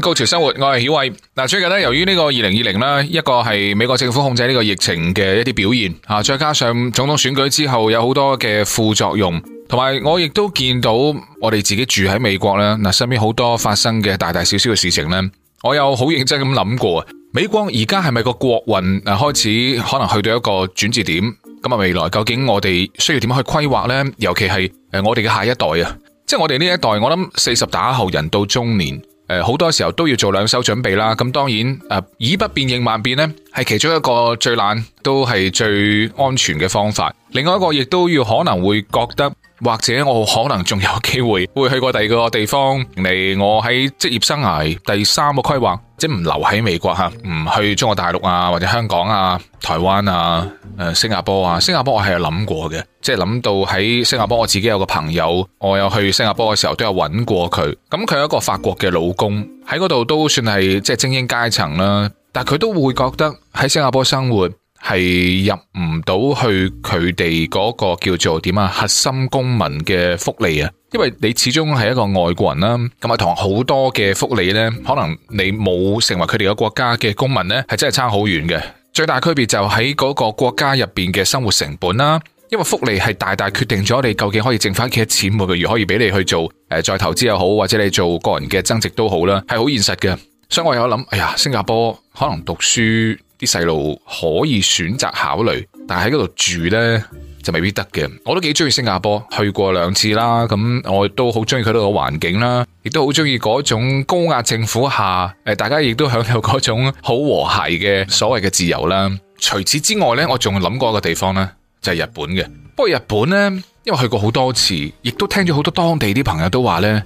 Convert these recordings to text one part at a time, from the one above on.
高潮生活，我係曉慧嗱。最近咧，由於呢個二零二零呢一個係美國政府控制呢個疫情嘅一啲表現吓，再加上總統選舉之後有好多嘅副作用，同埋我亦都見到我哋自己住喺美國咧，嗱身邊好多發生嘅大大小小嘅事情呢，我有好認真咁諗過啊。美國而家係咪個國運誒開始可能去到一個轉折點？咁啊，未來究竟我哋需要點樣去規劃呢？尤其係誒，我哋嘅下一代啊，即係我哋呢一代，我諗四十打後人到中年。誒，好多時候都要做兩手準備啦。咁當然，誒以不變應萬變咧，係其中一個最難都係最安全嘅方法。另外一個亦都要可能會覺得，或者我可能仲有機會會去過第二個地方。嚟我喺職業生涯第三個規劃。即係唔留喺美國吓，唔去中國大陸啊，或者香港啊、台灣啊、誒新加坡啊。新加坡我係有諗過嘅，即係諗到喺新加坡我自己有個朋友，我有去新加坡嘅時候都有搵過佢。咁佢有一個法國嘅老公，喺嗰度都算係即係精英階層啦。但佢都會覺得喺新加坡生活。係入唔到去佢哋嗰個叫做點啊核心公民嘅福利啊，因為你始終係一個外國人啦、啊，咁啊同好多嘅福利呢，可能你冇成為佢哋嘅國家嘅公民呢，係真係差好遠嘅。最大區別就喺嗰個國家入邊嘅生活成本啦、啊，因為福利係大大決定咗你究竟可以剩翻幾多錢，每個月可以俾你去做誒再投資又好，或者你做個人嘅增值都好啦，係好現實嘅。所以我有諗，哎呀，新加坡可能讀書。啲細路可以選擇考慮，但係喺嗰度住呢，就未必得嘅。我都幾中意新加坡，去過兩次啦，咁我都好中意佢嗰個環境啦，亦都好中意嗰種高壓政府下誒，大家亦都享有嗰種好和諧嘅所謂嘅自由啦。除此之外呢，我仲諗過一個地方呢，就係日本嘅。不過日本呢，因為去過好多次，亦都聽咗好多當地啲朋友都話呢，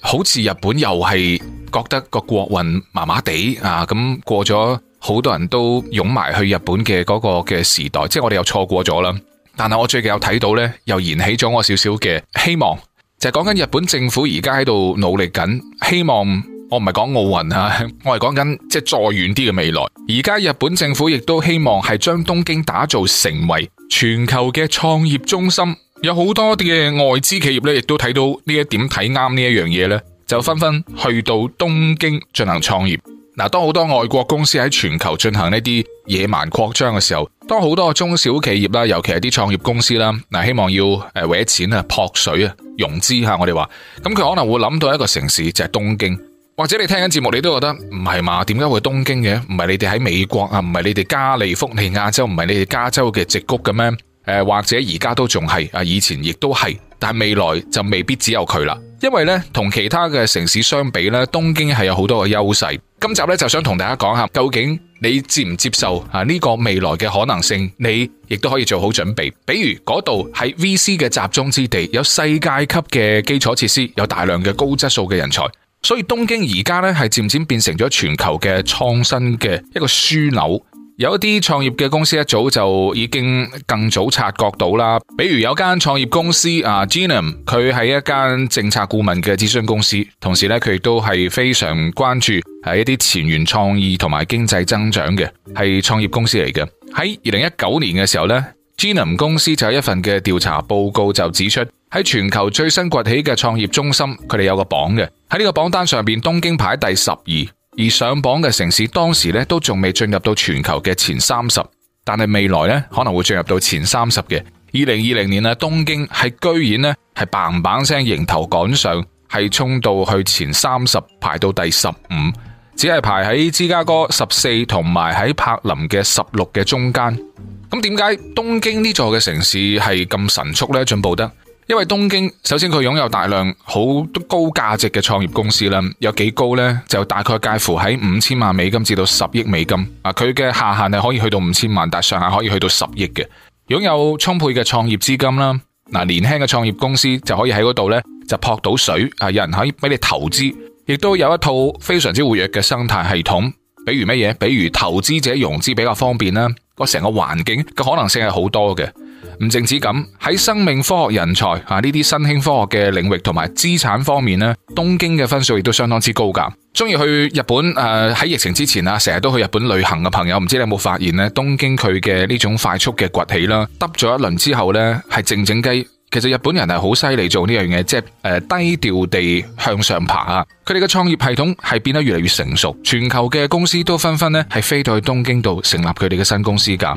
好似日本又係覺得個國運麻麻地啊，咁過咗。好多人都湧埋去日本嘅嗰個嘅時代，即係我哋又錯過咗啦。但係我最近有睇到咧，又燃起咗我少少嘅希望，就係講緊日本政府而家喺度努力緊希望，我唔係講奧運啊，我係講緊即係再遠啲嘅未來。而家日本政府亦都希望係將東京打造成為全球嘅創業中心，有好多嘅外資企業咧，亦都睇到呢一點，睇啱呢一樣嘢咧，就紛紛去到東京進行創業。嗱，當好多外國公司喺全球進行呢啲野蠻擴張嘅時候，當好多中小企業啦，尤其係啲創業公司啦，嗱，希望要誒搲錢啊、撲水啊、融資吓，我哋話，咁佢可能會諗到一個城市就係、是、東京，或者你聽緊節目你都覺得唔係嘛？點解會東京嘅？唔係你哋喺美國啊？唔係你哋加利福尼亞州？唔係你哋加州嘅矽谷嘅咩？誒，或者而家都仲係啊？以前亦都係，但未來就未必只有佢啦。因為咧，同其他嘅城市相比咧，東京係有好多嘅優勢。今集咧就想同大家講下，究竟你接唔接受啊呢個未來嘅可能性？你亦都可以做好準備。比如嗰度係 VC 嘅集中之地，有世界級嘅基礎設施，有大量嘅高質素嘅人才，所以東京而家咧係漸漸變成咗全球嘅創新嘅一個樞紐。有一啲創業嘅公司一早就已經更早察覺到啦，比如有間創業公司啊 Genome 佢係一間政策顧問嘅諮詢公司，同時呢，佢亦都係非常關注喺一啲前沿創意同埋經濟增長嘅，係創業公司嚟嘅。喺二零一九年嘅時候呢 Genome 公司就有一份嘅調查報告就指出，喺全球最新崛起嘅創業中心，佢哋有個榜嘅，喺呢個榜單上面，東京排第十二。而上榜嘅城市當時咧都仲未進入到全球嘅前三十，但係未來咧可能會進入到前三十嘅。二零二零年啊，東京係居然咧係棒棒聲迎頭趕上，係衝到去前三十，排到第十五，只係排喺芝加哥十四同埋喺柏林嘅十六嘅中間。咁點解東京呢座嘅城市係咁神速咧進步得？因為東京首先佢擁有大量好高價值嘅創業公司啦，有幾高呢？就大概介乎喺五千萬美金至到十億美金，啊佢嘅下限係可以去到五千萬，但上限可以去到十億嘅，擁有充沛嘅創業資金啦，嗱年輕嘅創業公司就可以喺嗰度呢，就撲到水，啊有人可以俾你投資，亦都有一套非常之活躍嘅生態系統，比如乜嘢，比如投資者融資比較方便啦，個成個環境嘅可能性係好多嘅。唔淨止咁喺生命科學人才啊呢啲新興科學嘅領域同埋資產方面咧，東京嘅分數亦都相當之高噶。中意去日本誒喺、呃、疫情之前啊，成日都去日本旅行嘅朋友，唔知你有冇發現呢？東京佢嘅呢種快速嘅崛起啦，揼咗一輪之後呢，係靜靜雞。其實日本人係好犀利做呢樣嘢，即係誒、呃、低調地向上爬啊。佢哋嘅創業系統係變得越嚟越成熟，全球嘅公司都紛紛咧係飛到去東京度成立佢哋嘅新公司噶。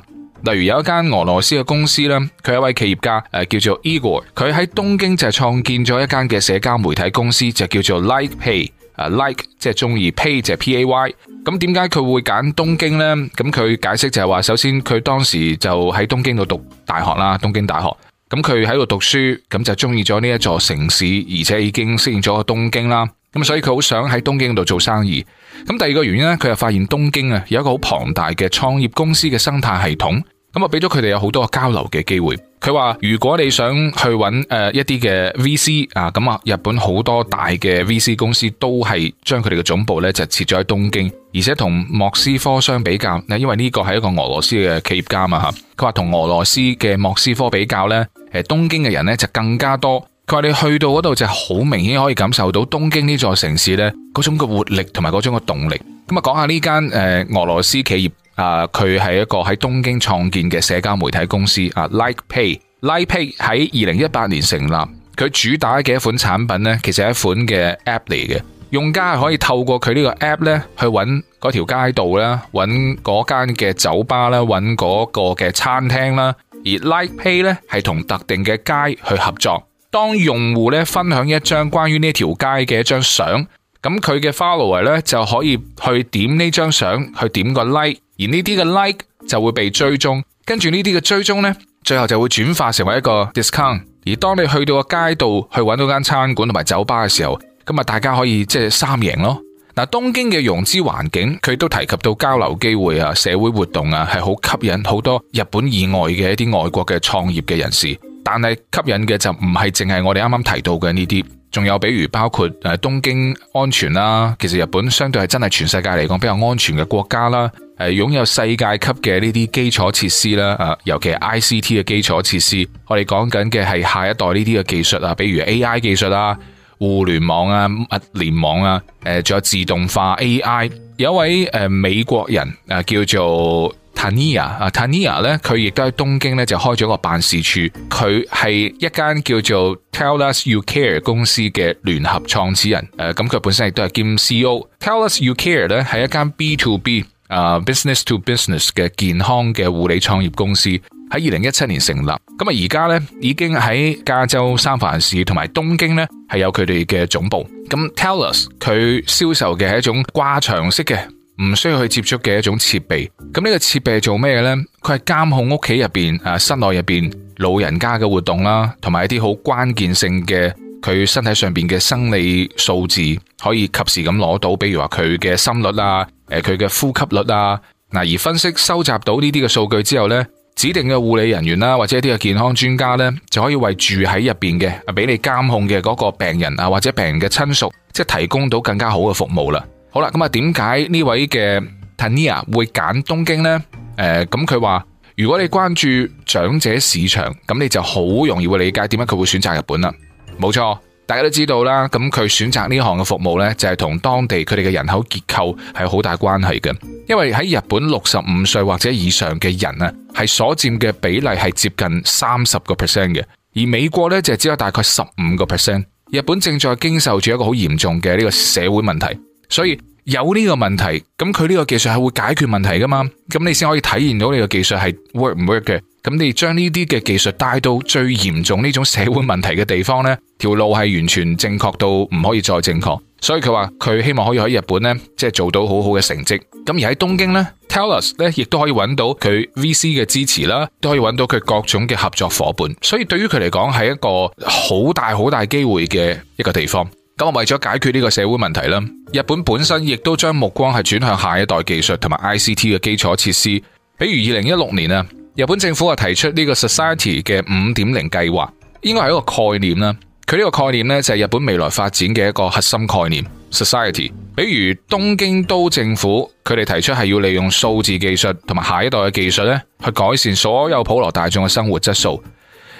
例如有一間俄羅斯嘅公司咧，佢一位企業家誒叫做 Eagle 佢喺東京就係創建咗一間嘅社交媒體公司，就叫做 Like Pay 啊 Like 即係中意 Pay 就 P A Y。咁點解佢會揀東京呢？咁佢解釋就係話，首先佢當時就喺東京度讀大學啦，東京大學。咁佢喺度讀書，咁就中意咗呢一座城市，而且已經適應咗東京啦。咁所以佢好想喺東京度做生意。咁第二個原因咧，佢又發現東京啊有一個好龐大嘅創業公司嘅生態系統。咁啊，俾咗佢哋有好多交流嘅機會。佢話如果你想去揾誒一啲嘅 VC 啊，咁啊，日本好多大嘅 VC 公司都係將佢哋嘅總部呢就設咗喺東京，而且同莫斯科相比較，因為呢個係一個俄羅斯嘅企業家嘛吓。佢話同俄羅斯嘅莫斯科比較呢，誒東京嘅人呢就更加多。佢話你去到嗰度就好明顯可以感受到東京呢座城市呢嗰種嘅活力同埋嗰種嘅動力。咁、嗯、啊，講下呢間誒俄羅斯企業。啊！佢係一個喺東京創建嘅社交媒體公司啊，Like Pay。Like Pay 喺二零一八年成立，佢主打嘅一款產品呢，其實係一款嘅 app 嚟嘅。用家係可以透過佢呢個 app 呢，去揾嗰條街道啦，揾嗰間嘅酒吧啦，揾嗰個嘅餐廳啦。而 Like Pay 呢，係同特定嘅街去合作，當用戶呢，分享一張關於呢條街嘅一張相，咁佢嘅 follower 咧就可以去點呢張相，去點個 like。而呢啲嘅 like 就會被追蹤，跟住呢啲嘅追蹤呢，最後就會轉化成為一個 discount。而當你去到個街道去揾到間餐館同埋酒吧嘅時候，咁啊大家可以即係、就是、三贏咯。嗱，東京嘅融資環境佢都提及到交流機會啊、社會活動啊，係好吸引好多日本以外嘅一啲外國嘅創業嘅人士。但係吸引嘅就唔係淨係我哋啱啱提到嘅呢啲。仲有比如包括誒東京安全啦，其實日本相對係真係全世界嚟講比較安全嘅國家啦，係擁有世界級嘅呢啲基礎設施啦，啊，尤其係 ICT 嘅基礎設施。我哋講緊嘅係下一代呢啲嘅技術啊，比如 AI 技術啦、互聯網啊、物聯網啊，誒，仲有自動化 AI。有一位誒美國人啊，叫做。Tania 啊，Tania 咧，佢亦都喺東京咧就開咗個辦事處。佢係一間叫做 Tell Us You Care 公司嘅聯合創始人。誒，咁佢本身亦都係兼 CEO。Tell Us You Care 咧係一間 B, B to B 啊，business to business 嘅健康嘅護理創業公司。喺二零一七年成立。咁啊，而家咧已經喺加州三藩市同埋東京咧係有佢哋嘅總部。咁 Tell Us 佢銷售嘅係一種掛牆式嘅，唔需要去接觸嘅一種設備，咁呢個設備係做咩嘅咧？佢係監控屋企入邊誒室內入邊老人家嘅活動啦，同埋一啲好關鍵性嘅佢身體上邊嘅生理數字，可以及時咁攞到。比如話佢嘅心率啊，誒佢嘅呼吸率啊，嗱，而分析收集到呢啲嘅數據之後呢，指定嘅護理人員啦，或者一啲嘅健康專家呢，就可以為住喺入邊嘅啊俾你監控嘅嗰個病人啊或者病人嘅親屬，即係提供到更加好嘅服務啦。好啦，咁啊，點解呢位嘅 Tanya 會揀東京呢？誒、呃，咁佢話如果你關注長者市場，咁你就好容易會理解點解佢會選擇日本啦。冇錯，大家都知道啦。咁佢選擇呢行嘅服務呢，就係同當地佢哋嘅人口結構係好大關係嘅。因為喺日本六十五歲或者以上嘅人啊，係所佔嘅比例係接近三十個 percent 嘅，而美國呢，就只有大概十五個 percent。日本正在經受住一個好嚴重嘅呢個社會問題。所以有呢個問題，咁佢呢個技術係會解決問題噶嘛？咁你先可以體現到你個技術係 work 唔 work 嘅。咁你將呢啲嘅技術帶到最嚴重呢種社會問題嘅地方呢，條路係完全正確到唔可以再正確。所以佢話佢希望可以喺日本呢，即係做到好好嘅成績。咁而喺東京呢，Tellus 呢，亦都可以揾到佢 VC 嘅支持啦，都可以揾到佢各種嘅合作夥伴。所以對於佢嚟講，係一個好大好大機會嘅一個地方。咁為咗解決呢個社會問題啦，日本本身亦都將目光係轉向下一代技術同埋 ICT 嘅基礎設施。比如二零一六年啊，日本政府啊提出呢個 Society 嘅五點零計劃，應該係一個概念啦。佢呢個概念呢，就係日本未來發展嘅一個核心概念 Society。比如東京都政府，佢哋提出係要利用數字技術同埋下一代嘅技術呢，去改善所有普羅大眾嘅生活質素。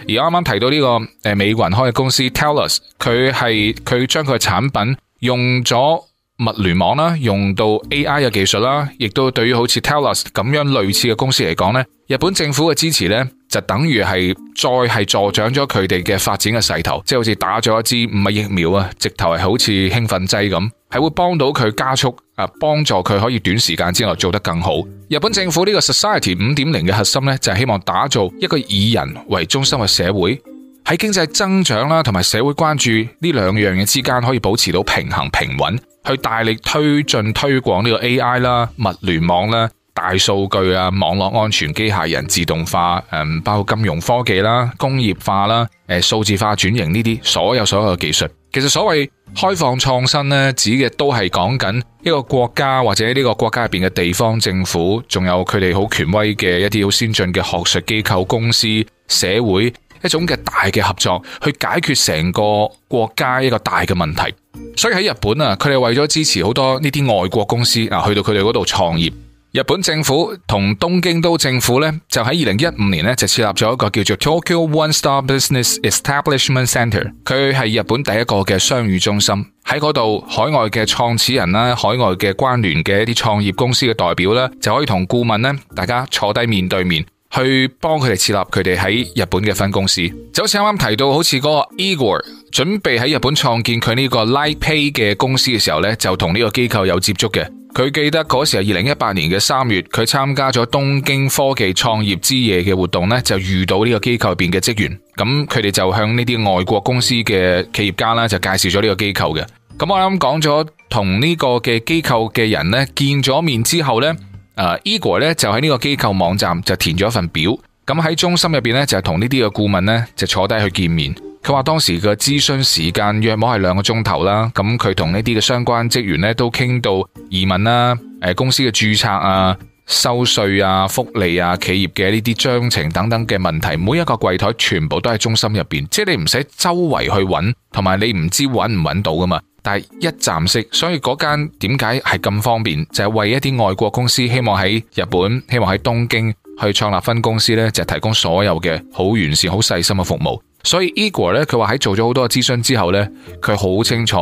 而我啱啱提到呢個美國人開嘅公司 Tellus，佢係佢將佢嘅產品用咗物聯網啦，用到 AI 嘅技術啦，亦都對於好似 Tellus 咁樣類似嘅公司嚟講呢，日本政府嘅支持呢，就等於係再係助長咗佢哋嘅發展嘅勢頭，即好似打咗一支唔係疫苗啊，直頭係好似興奮劑咁。係會幫到佢加速，啊，幫助佢可以短時間之內做得更好。日本政府呢個 Society 五點零嘅核心呢，就係希望打造一個以人為中心嘅社會，喺經濟增長啦，同埋社會關注呢兩樣嘢之間可以保持到平衡平穩，去大力推進推廣呢個 AI 啦、物聯網啦、大數據啊、網絡安全、機械人自動化，誒，包括金融科技啦、工業化啦、誒數字化轉型呢啲所有所有嘅技術。其實所謂開放創新咧，指嘅都係講緊一個國家或者呢個國家入邊嘅地方政府，仲有佢哋好權威嘅一啲好先進嘅學術機構、公司、社會一種嘅大嘅合作，去解決成個國家一個大嘅問題。所以喺日本啊，佢哋為咗支持好多呢啲外國公司啊，去到佢哋嗰度創業。日本政府同東京都政府呢，就喺二零一五年呢，就設立咗一個叫做 Tokyo One Star Business Establishment Center，佢係日本第一個嘅雙語中心。喺嗰度，海外嘅創始人啦，海外嘅關聯嘅一啲創業公司嘅代表啦，就可以同顧問呢，大家坐低面對面去幫佢哋設立佢哋喺日本嘅分公司。就好似啱啱提到，好似嗰個 Eagle 準備喺日本創建佢呢個 LitePay 嘅公司嘅時候呢，就同呢個機構有接觸嘅。佢記得嗰時係二零一八年嘅三月，佢參加咗東京科技創業之夜嘅活動呢，就遇到呢個機構入邊嘅職員。咁佢哋就向呢啲外國公司嘅企業家啦，就介紹咗呢個機構嘅。咁我啱講咗，同呢個嘅機構嘅人呢見咗面之後呢、啊、Egor 咧就喺呢個機構網站就填咗一份表。咁喺中心入邊呢，就同呢啲嘅顧問呢就坐低去見面。佢話當時嘅諮詢時間約莫係兩個鐘頭啦。咁佢同呢啲嘅相關職員呢都傾到移民啦、啊，誒公司嘅註冊啊、收稅啊、福利啊、企業嘅呢啲章程等等嘅問題。每一個櫃台全部都係中心入邊，即係你唔使周圍去搵，同埋你唔知搵唔搵到噶嘛。但係一站式，所以嗰間點解係咁方便就係、係、為一啲外國公司希望喺日本希望喺東京去創立分公司呢，就係、提供所有嘅好完善、好細心嘅服務。所以 Egor a 咧，佢話喺做咗好多嘅諮詢之後咧，佢好清楚，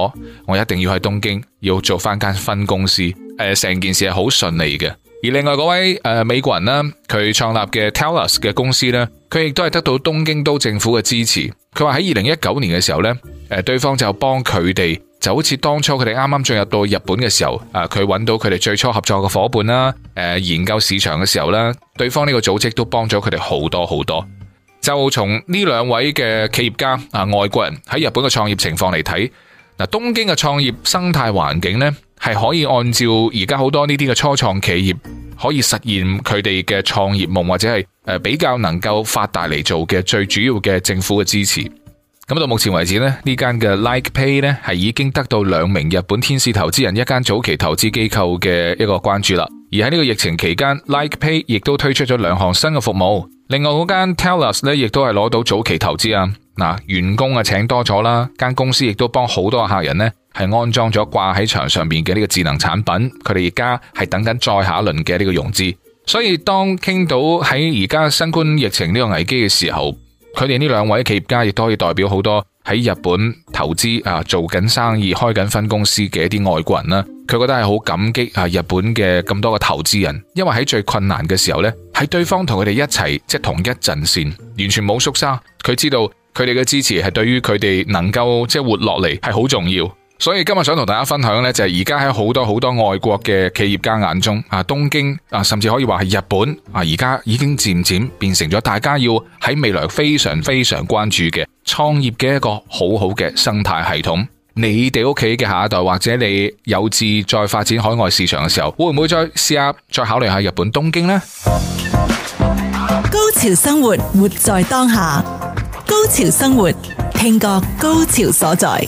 我一定要喺東京要做翻間分公司。誒、呃，成件事係好順利嘅。而另外嗰位誒、呃、美國人啦，佢創立嘅 Tellus 嘅公司咧，佢亦都係得到東京都政府嘅支持。佢話喺二零一九年嘅時候咧，誒、呃，對方就幫佢哋就好似當初佢哋啱啱進入到日本嘅時候，誒、呃，佢揾到佢哋最初合作嘅伙伴啦，誒、呃，研究市場嘅時候啦，對方呢個組織都幫咗佢哋好多好多。就從呢兩位嘅企業家啊，外國人喺日本嘅創業情況嚟睇，嗱，東京嘅創業生態環境呢係可以按照而家好多呢啲嘅初創企業可以實現佢哋嘅創業夢或者係比較能夠發大嚟做嘅最主要嘅政府嘅支持。咁到目前為止咧，呢間嘅 Like Pay 呢係已經得到兩名日本天使投資人、一間早期投資機構嘅一個關注啦。而喺呢個疫情期間，Like Pay 亦都推出咗兩項新嘅服務。另外嗰間 Tellus 咧，亦都係攞到早期投資啊！嗱、呃呃，員工啊請多咗啦，間公司亦都幫好多客人呢，係安裝咗掛喺牆上面嘅呢個智能產品。佢哋而家係等緊再下一輪嘅呢個融資。所以當傾到喺而家新冠疫情呢個危機嘅時候，佢哋呢兩位企業家亦都可以代表好多喺日本投資啊、做緊生意、開緊分公司嘅一啲外國人啦。佢、啊、覺得係好感激啊日本嘅咁多嘅投資人，因為喺最困難嘅時候呢。喺對方同佢哋一齊，即係同一陣線，完全冇縮沙。佢知道佢哋嘅支持係對於佢哋能夠即係活落嚟係好重要。所以今日想同大家分享咧，就係而家喺好多好多外國嘅企業家眼中啊，東京啊，甚至可以話係日本啊，而家已經漸漸變成咗大家要喺未來非常非常關注嘅創業嘅一個好好嘅生態系統。你哋屋企嘅下一代，或者你有志再發展海外市場嘅時候，會唔會再試下，再考慮下日本東京呢？高潮生活，活在當下。高潮生活，聽覺高潮所在。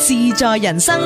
自在人生，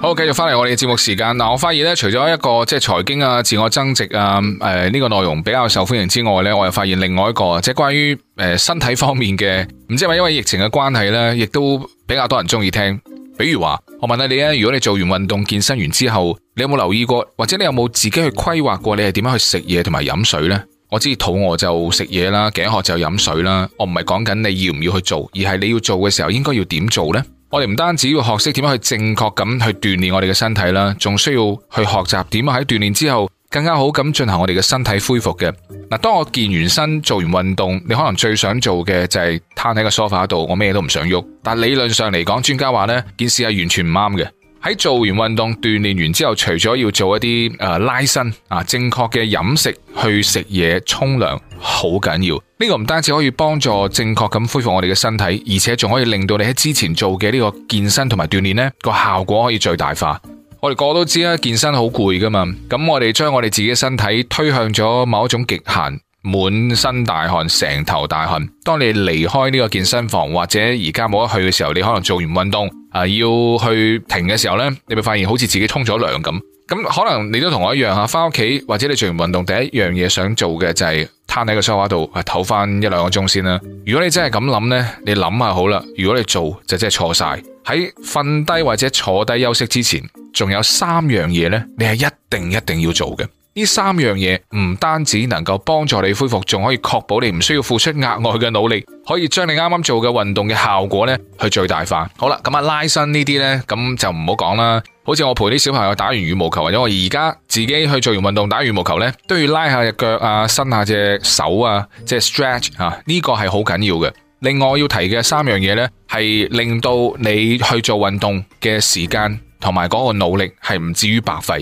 好繼續翻嚟，我哋嘅節目時間嗱、啊，我發現咧除咗一個即係財經啊、自我增值啊、誒、呃、呢、這個內容比較受歡迎之外咧，我又發現另外一個即係關於誒、呃、身體方面嘅，唔知係咪因為疫情嘅關係咧，亦都比較多人中意聽。比如話，我問下你啊，如果你做完運動、健身完之後，你有冇留意過，或者你有冇自己去規劃過，你係點樣去食嘢同埋飲水呢？我知肚餓就食嘢啦，頸渴就飲水啦。我唔係講緊你要唔要去做，而係你要做嘅時候應該要點做呢？我哋唔單止要學識點樣去正確咁去鍛煉我哋嘅身體啦，仲需要去學習點喺鍛煉之後。更加好咁進行我哋嘅身體恢復嘅嗱，當我健完身、做完運動，你可能最想做嘅就係攤喺個 sofa 度，我咩都唔想喐。但理論上嚟講，專家話呢件事係完全唔啱嘅。喺做完運動、鍛煉完之後，除咗要做一啲誒、呃、拉伸啊，正確嘅飲食去食嘢、沖涼好緊要。呢、呢個唔單止可以幫助正確咁恢復我哋嘅身體，而且仲可以令到你喺之前做嘅呢個健身同埋鍛煉呢個效果可以最大化。我哋個個都知啦，健身好攰噶嘛。咁我哋將我哋自己身體推向咗某一種極限，滿身大汗，成頭大汗。當你離開呢個健身房或者而家冇得去嘅時候，你可能做完運動啊、呃、要去停嘅時候呢，你會發現好似自己沖咗涼咁。咁可能你都同我一樣吓，翻屋企或者你做完運動第一樣嘢想做嘅就係攤喺個梳化度，唞翻一兩個鐘先啦。如果你真係咁諗呢，你諗下好啦。如果你做就真係錯晒。喺瞓低或者坐低休息之前。仲有三樣嘢呢，你係一定一定要做嘅。呢三樣嘢唔單止能夠幫助你恢復，仲可以確保你唔需要付出額外嘅努力，可以將你啱啱做嘅運動嘅效果呢去最大化。好啦，咁啊，拉伸呢啲呢，咁就唔好講啦。好似我陪啲小朋友打完羽毛球，或者我而家自己去做完運動打羽毛球呢，都要拉下隻腳啊，伸下隻手啊，即係 stretch 啊，呢個係好緊要嘅。另外要提嘅三樣嘢呢，係令到你去做運動嘅時間。同埋嗰個努力係唔至於白費。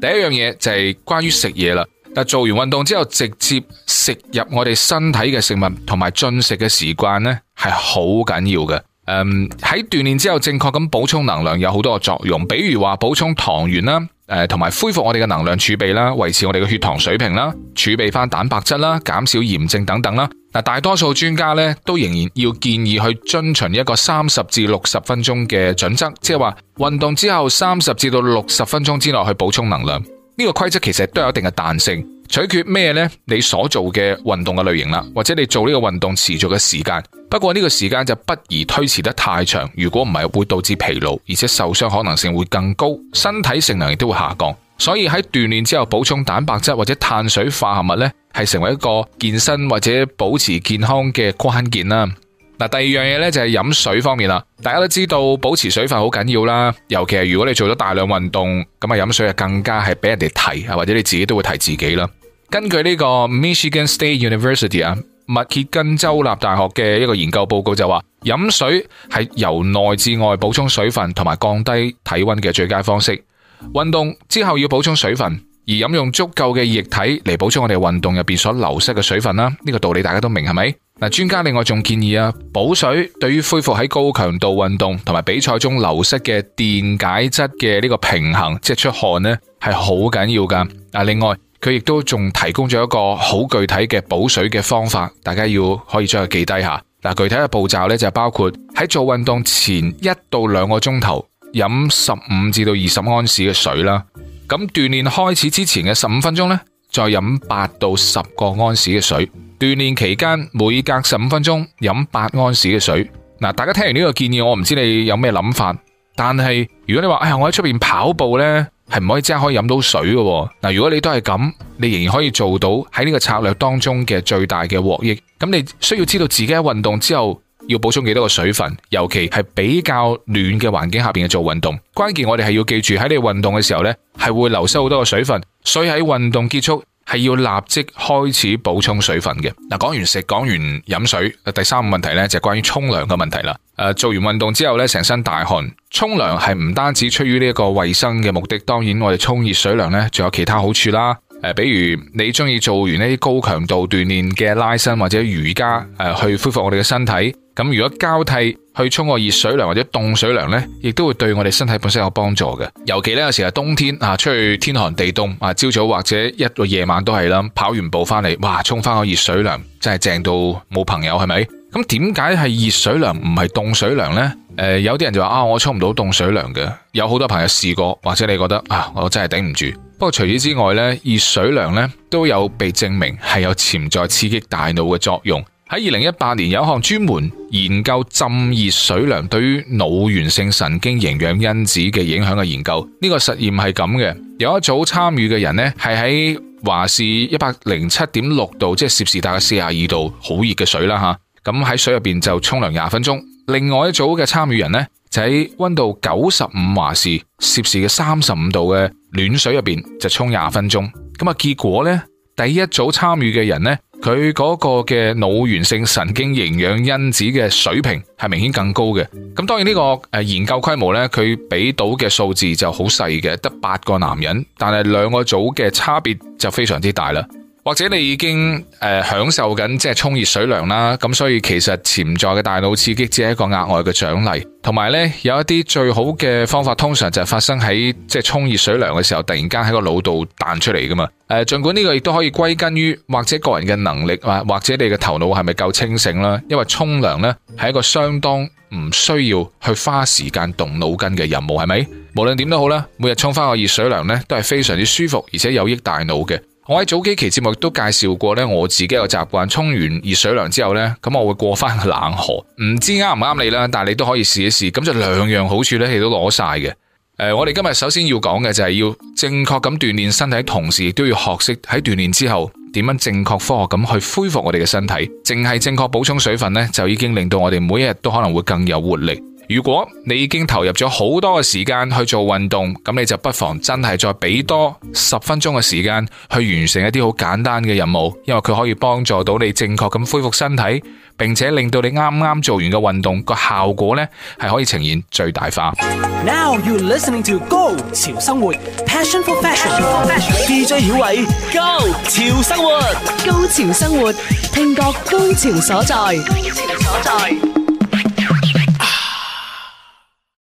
第一樣嘢就係關於食嘢啦。但做完運動之後直接食入我哋身體嘅食物同埋進食嘅時間呢，係好緊要嘅。嗯，喺鍛鍊之後正確咁補充能量有好多個作用，比如話補充糖原啦，誒同埋恢復我哋嘅能量儲備啦，維持我哋嘅血糖水平啦，儲備返蛋白質啦，減少炎症等等啦。大多數專家都仍然要建議去遵循一個三十至六十分鐘嘅準則，即係話運動之後三十至六十分鐘之內去補充能量。呢個規則其實都有一定嘅彈性，取決咩咧？你所做嘅運動嘅類型啦，或者你做呢個運動持續嘅時間。不過呢個時間就不宜推遲得太長，如果唔係會導致疲勞，而且受傷可能性會更高，身體性能亦都會下降。所以喺鍛煉之後補充蛋白質或者碳水化合物咧，係成為一個健身或者保持健康嘅關鍵啦。嗱，第二樣嘢咧，就係飲水方面啦。大家都知道保持水分好緊要啦，尤其係如果你做咗大量運動，咁啊飲水啊更加係俾人哋提啊，或者你自己都會提自己啦。根據呢個 Michigan State University 啊，密歇根州立大學嘅一個研究報告就話，飲水係由內至外補充水分同埋降低體溫嘅最佳方式。運動之後要補充水分，而飲用足夠嘅液體嚟補充我哋運動入邊所流失嘅水分啦。呢個道理大家都明係咪？嗱，專家另外仲建議啊，補水對於恢復喺高強度運動同埋比賽中流失嘅電解質嘅呢個平衡，即係出汗咧，係好緊要噶。嗱，另外佢亦都仲提供咗一個好具體嘅補水嘅方法，大家要可以將佢記低下。嗱，具體嘅步驟呢，就包括喺做運動前一到兩個鐘頭。飲十五至到二十安士嘅水啦，咁鍛煉開始之前嘅十五分鐘呢，再飲八到十個安士嘅水。鍛煉期間每隔十五分鐘飲八安士嘅水。嗱，大家聽完呢個建議，我唔知你有咩諗法。但係如果你話，哎呀，我喺出邊跑步呢，係唔可以即刻可以飲到水嘅。嗱，如果你都係咁，你仍然可以做到喺呢個策略當中嘅最大嘅獲益。咁你需要知道自己喺運動之後。要補充幾多個水分，尤其係比較暖嘅環境下邊去做運動，關鍵我哋係要記住喺你運動嘅時候呢，係會流失好多個水分，所以喺運動結束係要立即開始補充水分嘅。嗱，講完食，講完飲水，第三個問題呢，就係關於沖涼嘅問題啦。做完運動之後呢，成身大汗，沖涼係唔單止出於呢一個衛生嘅目的，當然我哋沖熱水涼呢，仲有其他好處啦。比如你中意做完呢啲高強度鍛煉嘅拉伸或者瑜伽，去恢復我哋嘅身體。咁如果交替去沖個熱水涼或者凍水涼呢，亦都會對我哋身體本身有幫助嘅。尤其呢，有時係冬天啊，出去天寒地凍啊，朝早或者一個夜晚都係啦，跑完步翻嚟，哇，沖翻個熱水涼，真係正到冇朋友，係咪？咁點解係熱水涼唔係凍水涼呢？誒、呃，有啲人就話啊，我沖唔到凍水涼嘅，有好多朋友試過，或者你覺得啊，我真係頂唔住。不過除此之外呢，熱水涼呢都有被證明係有潛在刺激大腦嘅作用。喺二零一八年有一項專門研究浸熱水涼對於腦源性神經營養因子嘅影響嘅研究。呢、這個實驗係咁嘅，有一組參與嘅人呢係喺華氏一百零七點六度，即係攝氏大概四十二度，好熱嘅水啦吓。咁、啊、喺水入面就沖涼廿分鐘。另外一組嘅參與人呢就喺温度九十五華氏攝氏嘅三十五度嘅暖水入面就沖廿分鐘。咁啊，結果呢，第一組參與嘅人呢，佢嗰個嘅腦源性神經營養因子嘅水平係明顯更高嘅。咁當然，呢個研究規模呢，佢畀到嘅數字就好細嘅，得八個男人，但係兩個組嘅差別就非常之大啦。或者你已經誒享受緊，即係沖熱水涼啦，咁所以其實潛在嘅大腦刺激只係一個額外嘅獎勵，同埋咧有一啲最好嘅方法，通常就係發生喺即係沖熱水涼嘅時候，突然間喺個腦度彈出嚟噶嘛。誒、啊，盡管呢個亦都可以歸根於或者個人嘅能力啊，或者你嘅頭腦係咪夠清醒啦？因為沖涼咧係一個相當唔需要去花時間動腦筋嘅任務，係咪？無論點都好啦，每日沖翻個熱水涼咧都係非常之舒服，而且有益大腦嘅。我喺早幾期，期節目都介紹過咧，我自己一個習慣，沖完熱水涼之後咧，咁我會過翻冷河。唔知啱唔啱你啦，但係你都可以試一試。咁就兩樣好處咧，你都攞晒嘅。誒、呃，我哋今日首先要講嘅就係要正確咁鍛煉身體同，同時亦都要學識喺鍛煉之後點樣正確科學咁去恢復我哋嘅身體。淨係正確補充水分咧，就已經令到我哋每一日都可能會更有活力。如果你已經投入咗好多嘅時間去做運動，咁你就不妨真係再俾多十分鐘嘅時間去完成一啲好簡單嘅任務，因為佢可以幫助到你正確咁恢復身體，並且令到你啱啱做完嘅運動個效果呢係可以呈現最大化。Now you're listening to 高潮生活，Passion for Fashion，DJ 曉偉，高潮生活，高潮生活，聽覺高潮所在，高潮所在。